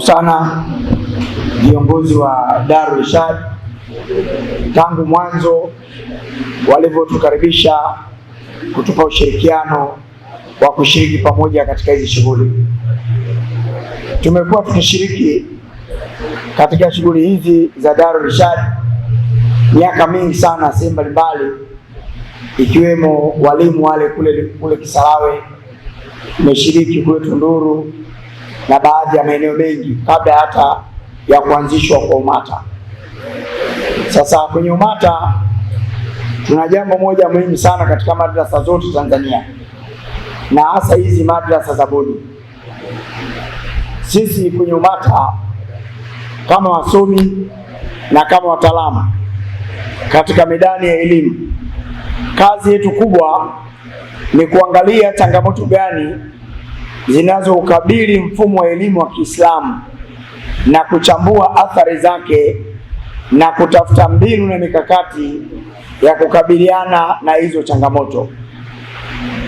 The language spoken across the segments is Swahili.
sana viongozi wa Dar Irshad tangu mwanzo walivyotukaribisha kutupa ushirikiano wa kushiriki pamoja katika hizi shughuli. Tumekuwa tukishiriki katika shughuli hizi za Dar Irshad miaka mingi sana, sehemu mbalimbali, ikiwemo walimu wale kule kule Kisarawe, tumeshiriki kule Tunduru na baadhi ya maeneo mengi kabla hata ya kuanzishwa kwa Umata. Sasa kwenye Umata tuna jambo moja muhimu sana katika madrasa zote Tanzania, na hasa hizi madrasa za bodi. Sisi kwenye Umata kama wasomi na kama wataalamu katika medani ya elimu, kazi yetu kubwa ni kuangalia changamoto gani zinazoukabili mfumo wa elimu wa Kiislamu na kuchambua athari zake na kutafuta mbinu na mikakati ya kukabiliana na hizo changamoto.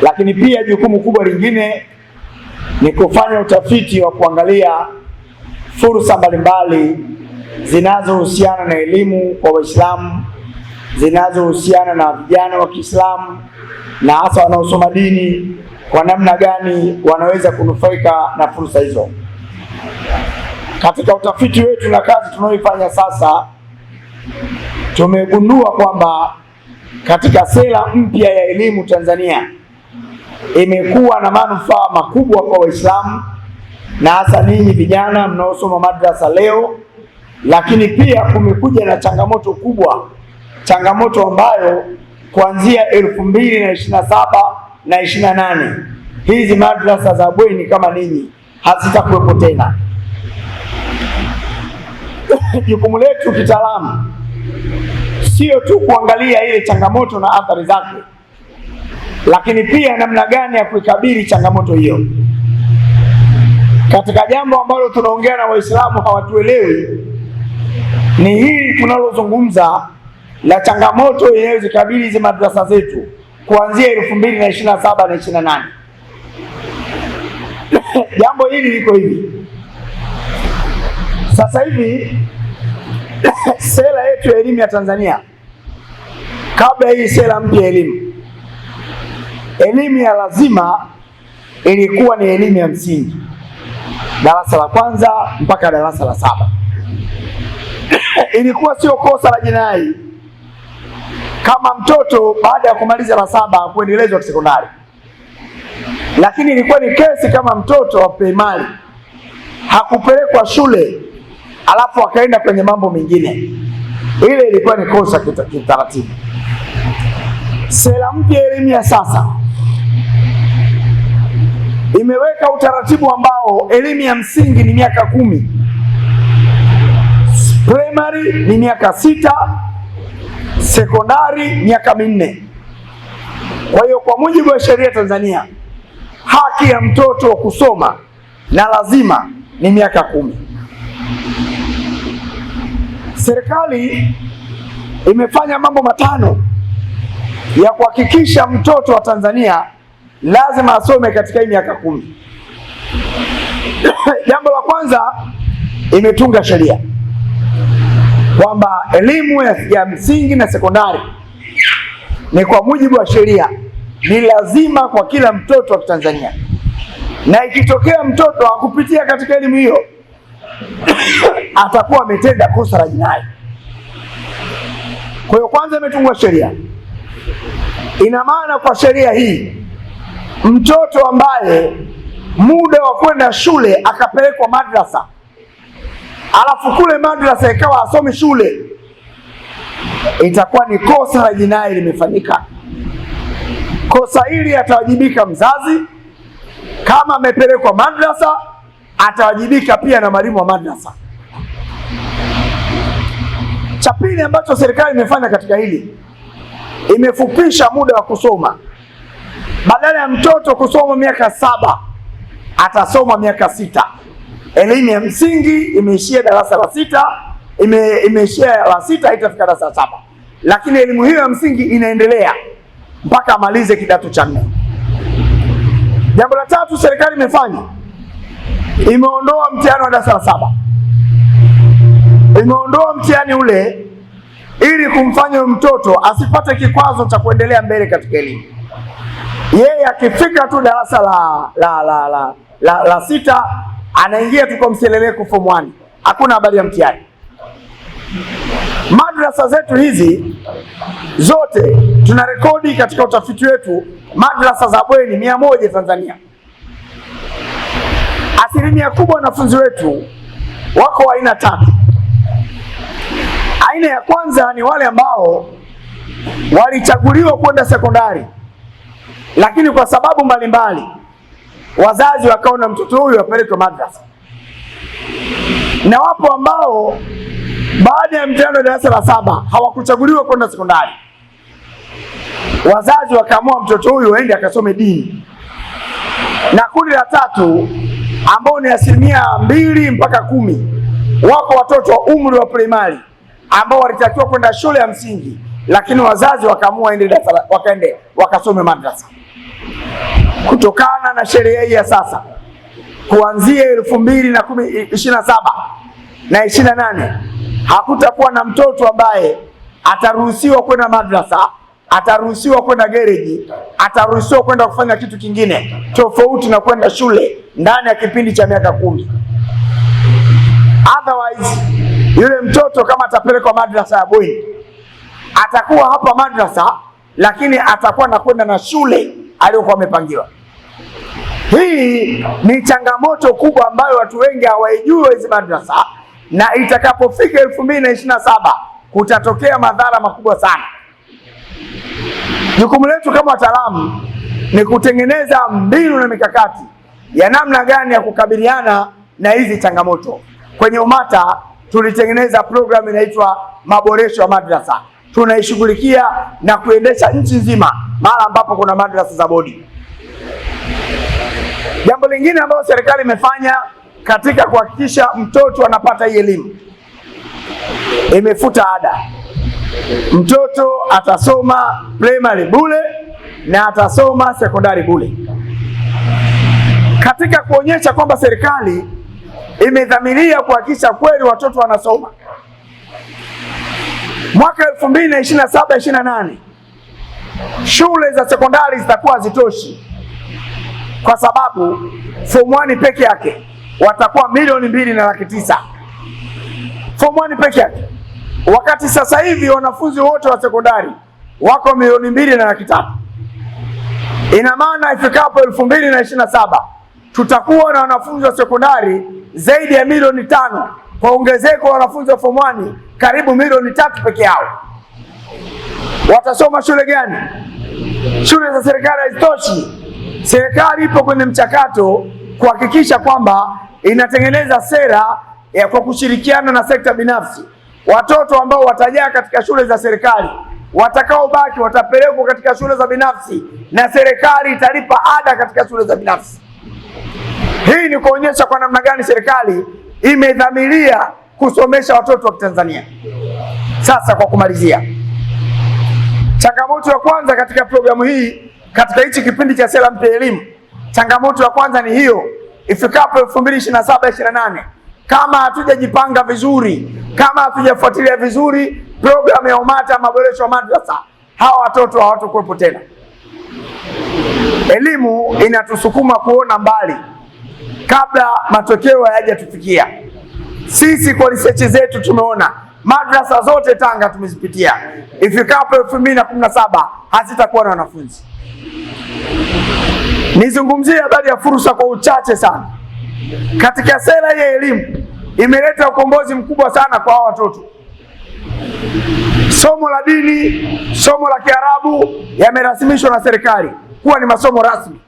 Lakini pia jukumu kubwa lingine ni kufanya utafiti wa kuangalia fursa mbalimbali zinazohusiana na elimu kwa Waislamu, zinazohusiana na vijana wa Kiislamu na hasa wanaosoma dini kwa namna gani wanaweza kunufaika na fursa hizo. Katika utafiti wetu na kazi tunayoifanya sasa, tumegundua kwamba katika sera mpya ya elimu Tanzania imekuwa na manufaa makubwa kwa Waislamu na hasa ninyi vijana mnaosoma madrasa leo, lakini pia kumekuja na changamoto kubwa, changamoto ambayo kuanzia elfu mbili na ishirini na saba na ishirini na nane hizi madrasa za bweni kama ninyi hazitakuwepo tena. Jukumu letu kitaalamu sio tu kuangalia ile changamoto na athari zake, lakini pia namna gani ya kuikabili changamoto hiyo. Katika jambo ambalo tunaongea na Waislamu hawatuelewi ni hili tunalozungumza la changamoto inayozikabili hizi madrasa zetu kuanzia elfu mbili na ishirini na saba na ishirini na nane. Jambo hili liko hivi sasa hivi sera yetu ya elimu ya Tanzania kabla hii sera mpya ya elimu, elimu ya lazima ilikuwa ni elimu ya msingi, darasa la kwanza mpaka darasa la saba. Ilikuwa sio kosa la jinai kama mtoto baada ya kumaliza la saba kuendelezwa sekondari, lakini ilikuwa ni kesi kama mtoto wa primary hakupelekwa shule alafu akaenda kwenye mambo mengine, ile ilikuwa ni kosa kitaratibu. Sera mpya elimu ya sasa imeweka utaratibu ambao elimu ya msingi ni miaka kumi, primary ni miaka sita sekondari miaka minne. Kwa hiyo kwa mujibu wa sheria Tanzania, haki ya mtoto wa kusoma na lazima ni miaka kumi. Serikali imefanya mambo matano ya kuhakikisha mtoto wa Tanzania lazima asome katika hii miaka kumi. Jambo la kwanza, imetunga sheria kwamba elimu ya msingi na sekondari ni kwa mujibu wa sheria, ni lazima kwa kila mtoto wa Tanzania, na ikitokea mtoto akupitia katika elimu hiyo atakuwa ametenda kosa la jinai. Kwa hiyo kwanza imetungwa sheria. Ina maana kwa sheria hii mtoto ambaye muda wa kwenda shule akapelekwa madrasa alafu kule madrasa ikawa asomi shule, itakuwa ni kosa la jinai limefanyika. Kosa hili atawajibika mzazi, kama amepelekwa madrasa atawajibika pia na mwalimu wa madrasa. Cha pili ambacho serikali imefanya katika hili, imefupisha muda wa kusoma. Badala ya mtoto kusoma miaka saba atasoma miaka sita elimu ya msingi imeishia darasa la sita, ime, imeishia la sita itafika darasa la saba, lakini elimu hiyo ya msingi inaendelea mpaka amalize kidato cha nne. Jambo la tatu serikali imefanya imeondoa mtihani wa darasa la saba, imeondoa mtihani ule ili kumfanya mtoto asipate kikwazo cha kuendelea mbele katika elimu. Yeye akifika tu darasa la, la, la, la, la, la sita anaingia tu kwa mseleleko form 1, hakuna habari ya mtihani. Madrasa zetu hizi zote tuna rekodi katika utafiti wetu, madrasa za bweni mia moja Tanzania. Asilimia kubwa wanafunzi wetu wako aina tatu. Aina ya kwanza ni wale ambao walichaguliwa kwenda sekondari, lakini kwa sababu mbalimbali mbali, wazazi wakaona mtoto huyu apelekwe madrasa, na wapo ambao baada ya mtihani wa darasa la saba hawakuchaguliwa kwenda sekondari, wazazi wakaamua mtoto huyu aende akasome dini. Na kundi la tatu ambao ni asilimia mbili mpaka kumi, wapo watoto wa umri wa primari ambao walitakiwa kwenda shule ya msingi, lakini wazazi wakaamua wakaende wakasome madrasa kutokana na sheria hii ya sasa kuanzia elfu mbili na ishirini na saba na ishirini na nane hakutakuwa na mtoto ambaye ataruhusiwa kwenda madrasa, ataruhusiwa kwenda gereji, ataruhusiwa kwenda kufanya kitu kingine tofauti na kwenda shule ndani ya kipindi cha miaka kumi. Otherwise, yule mtoto kama atapelekwa madrasa ya bweni, atakuwa hapa madrasa, lakini atakuwa nakwenda na shule aliyokuwa amepangiwa. Hii ni changamoto kubwa ambayo watu wengi hawaijui hizi madrasa, na itakapofika elfu mbili na ishirini na saba kutatokea madhara makubwa sana. Jukumu letu kama wataalamu ni kutengeneza mbinu na mikakati ya namna gani ya kukabiliana na hizi changamoto. Kwenye UMATA tulitengeneza programu inaitwa maboresho ya madrasa, tunaishughulikia na kuendesha nchi nzima mara ambapo kuna madrasa za bodi. Jambo lingine ambalo serikali imefanya katika kuhakikisha mtoto anapata hii elimu, imefuta ada. Mtoto atasoma primary bule na atasoma sekondari bule, katika kuonyesha kwamba serikali imedhamiria kuhakikisha kweli watoto wanasoma. Mwaka elfu mbili na ishirini na saba ishirini na nane shule za sekondari zitakuwa zitoshi, kwa sababu form 1 peke yake watakuwa milioni mbili na laki tisa form 1 peke yake, wakati sasa hivi wanafunzi wote wa sekondari wako milioni mbili na laki tatu. Ina maana ifikapo elfu mbili na ishirini na saba tutakuwa na wanafunzi wa sekondari zaidi ya milioni tano, kwa ongezeko wa wanafunzi wa form 1 karibu milioni tatu peke yao. Watasoma shule gani? Shule za serikali hazitoshi. Serikali ipo kwenye mchakato kuhakikisha kwamba inatengeneza sera ya kwa kushirikiana na sekta binafsi. Watoto ambao watajaa katika shule za serikali, watakaobaki watapelekwa katika shule za binafsi, na serikali italipa ada katika shule za binafsi. Hii ni kuonyesha kwa namna gani serikali imedhamiria kusomesha watoto wa Kitanzania. Sasa kwa kumalizia Changamoto ya kwanza katika programu hii, katika hichi kipindi cha sera mpya elimu, changamoto ya kwanza ni hiyo. Ifikapo 2027 28 kama hatujajipanga vizuri, kama hatujafuatilia vizuri programu ya Umata, maboresho ya madrasa, hawa watoto hawatakuwepo tena. Elimu inatusukuma kuona mbali kabla matokeo hayajatufikia. Sisi kwa research zetu tumeona madrasa zote Tanga tumezipitia. Ifikapo elfu mbili na kumi na saba hazitakuwa na wanafunzi. Nizungumzie habari ya fursa kwa uchache sana. Katika sera ya elimu imeleta ukombozi mkubwa sana kwa hawa watoto. Somo la dini, somo la Kiarabu yamerasimishwa na serikali kuwa ni masomo rasmi.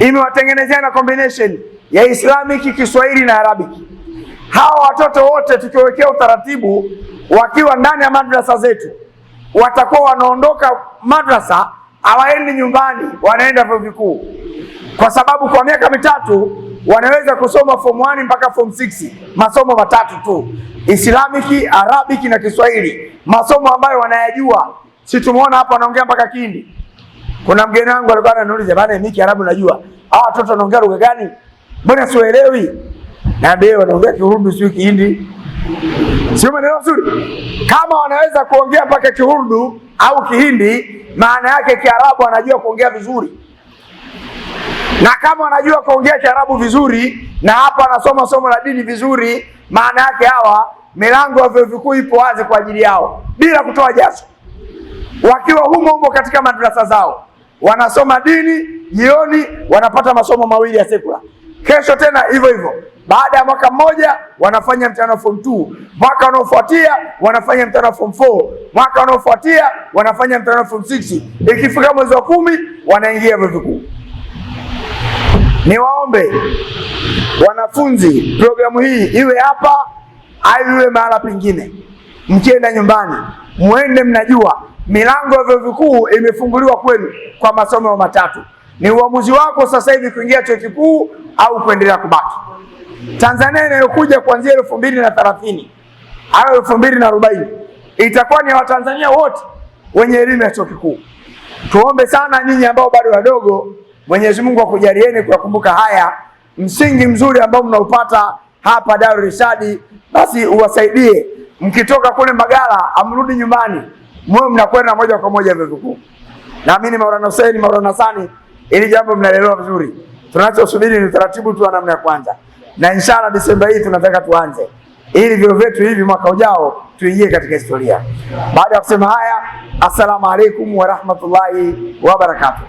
Imewatengenezea na combination ya islamiki Kiswahili na Arabiki hawa watoto wote tukiwekea utaratibu, wakiwa ndani ya madrasa zetu, watakuwa wanaondoka madrasa, hawaendi nyumbani, wanaenda vyuo vikuu, kwa sababu kwa miaka mitatu wanaweza kusoma form 1 mpaka form 6, masomo matatu tu, Islamiki, Arabiki na Kiswahili, masomo ambayo wanayajua. Si tumeona hapa wanaongea mpaka Kindi. Kuna mgeni wangu alikuwa ananiuliza bana, mimi Kiarabu najua, hawa watoto wanaongea lugha gani? Mbona siwaelewi? na be wanaongea Kiurdu sio Kihindi, sio maneno mazuri. Kama wanaweza kuongea mpaka Kiurdu au Kihindi, maana yake Kiarabu anajua kuongea vizuri, na kama wanajua kuongea Kiarabu vizuri na hapa anasoma somo la dini vizuri, maana yake hawa milango ya vyuo vikuu ipo wazi kwa ajili yao bila kutoa jasho, wakiwa humo humo katika madrasa zao wanasoma dini, jioni wanapata masomo mawili ya sekula. Kesho tena hivyo hivyo. Baada ya mwaka mmoja wanafanya mtihani wa form 2, mwaka unaofuatia wanafanya mtihani wa form 4, mwaka unaofuatia wanafanya mtihani wa form 6. Ikifika mwezi wa kumi wanaingia vyuo vikuu. Niwaombe wanafunzi, programu hii iwe hapa au iwe mahala pengine, mkienda nyumbani mwende mnajua milango ya vyuo vikuu imefunguliwa kwenu kwa masomo matatu. Ni uamuzi wako sasa hivi kuingia chuo kikuu au kuendelea kubaki Tanzania. Inayokuja kuanzia elfu mbili na thelathini au elfu mbili na arobaini itakuwa ni Watanzania wote wenye elimu ya chuo kikuu. Tuombe sana nyinyi ambao bado wadogo, Mwenyezi Mungu akujalieni kuyakumbuka haya, msingi mzuri ambao mnaupata hapa Darul Irshad, basi uwasaidie mkitoka kule Mbagala, amrudi nyumbani, mwe mnakwenda moja kwa moja vyuo vikuu. Naamini Maulana Hussein, Maulana Sani ili jambo mnaelewa vizuri. Tunachosubiri ni utaratibu tu namna ya kwanza. Na inshallah Desemba hii tunataka tuanze. Ili vyo vyetu hivi mwaka ujao tuingie katika historia. Baada ya kusema haya, assalamu alaikum wa rahmatullahi wa barakatuh.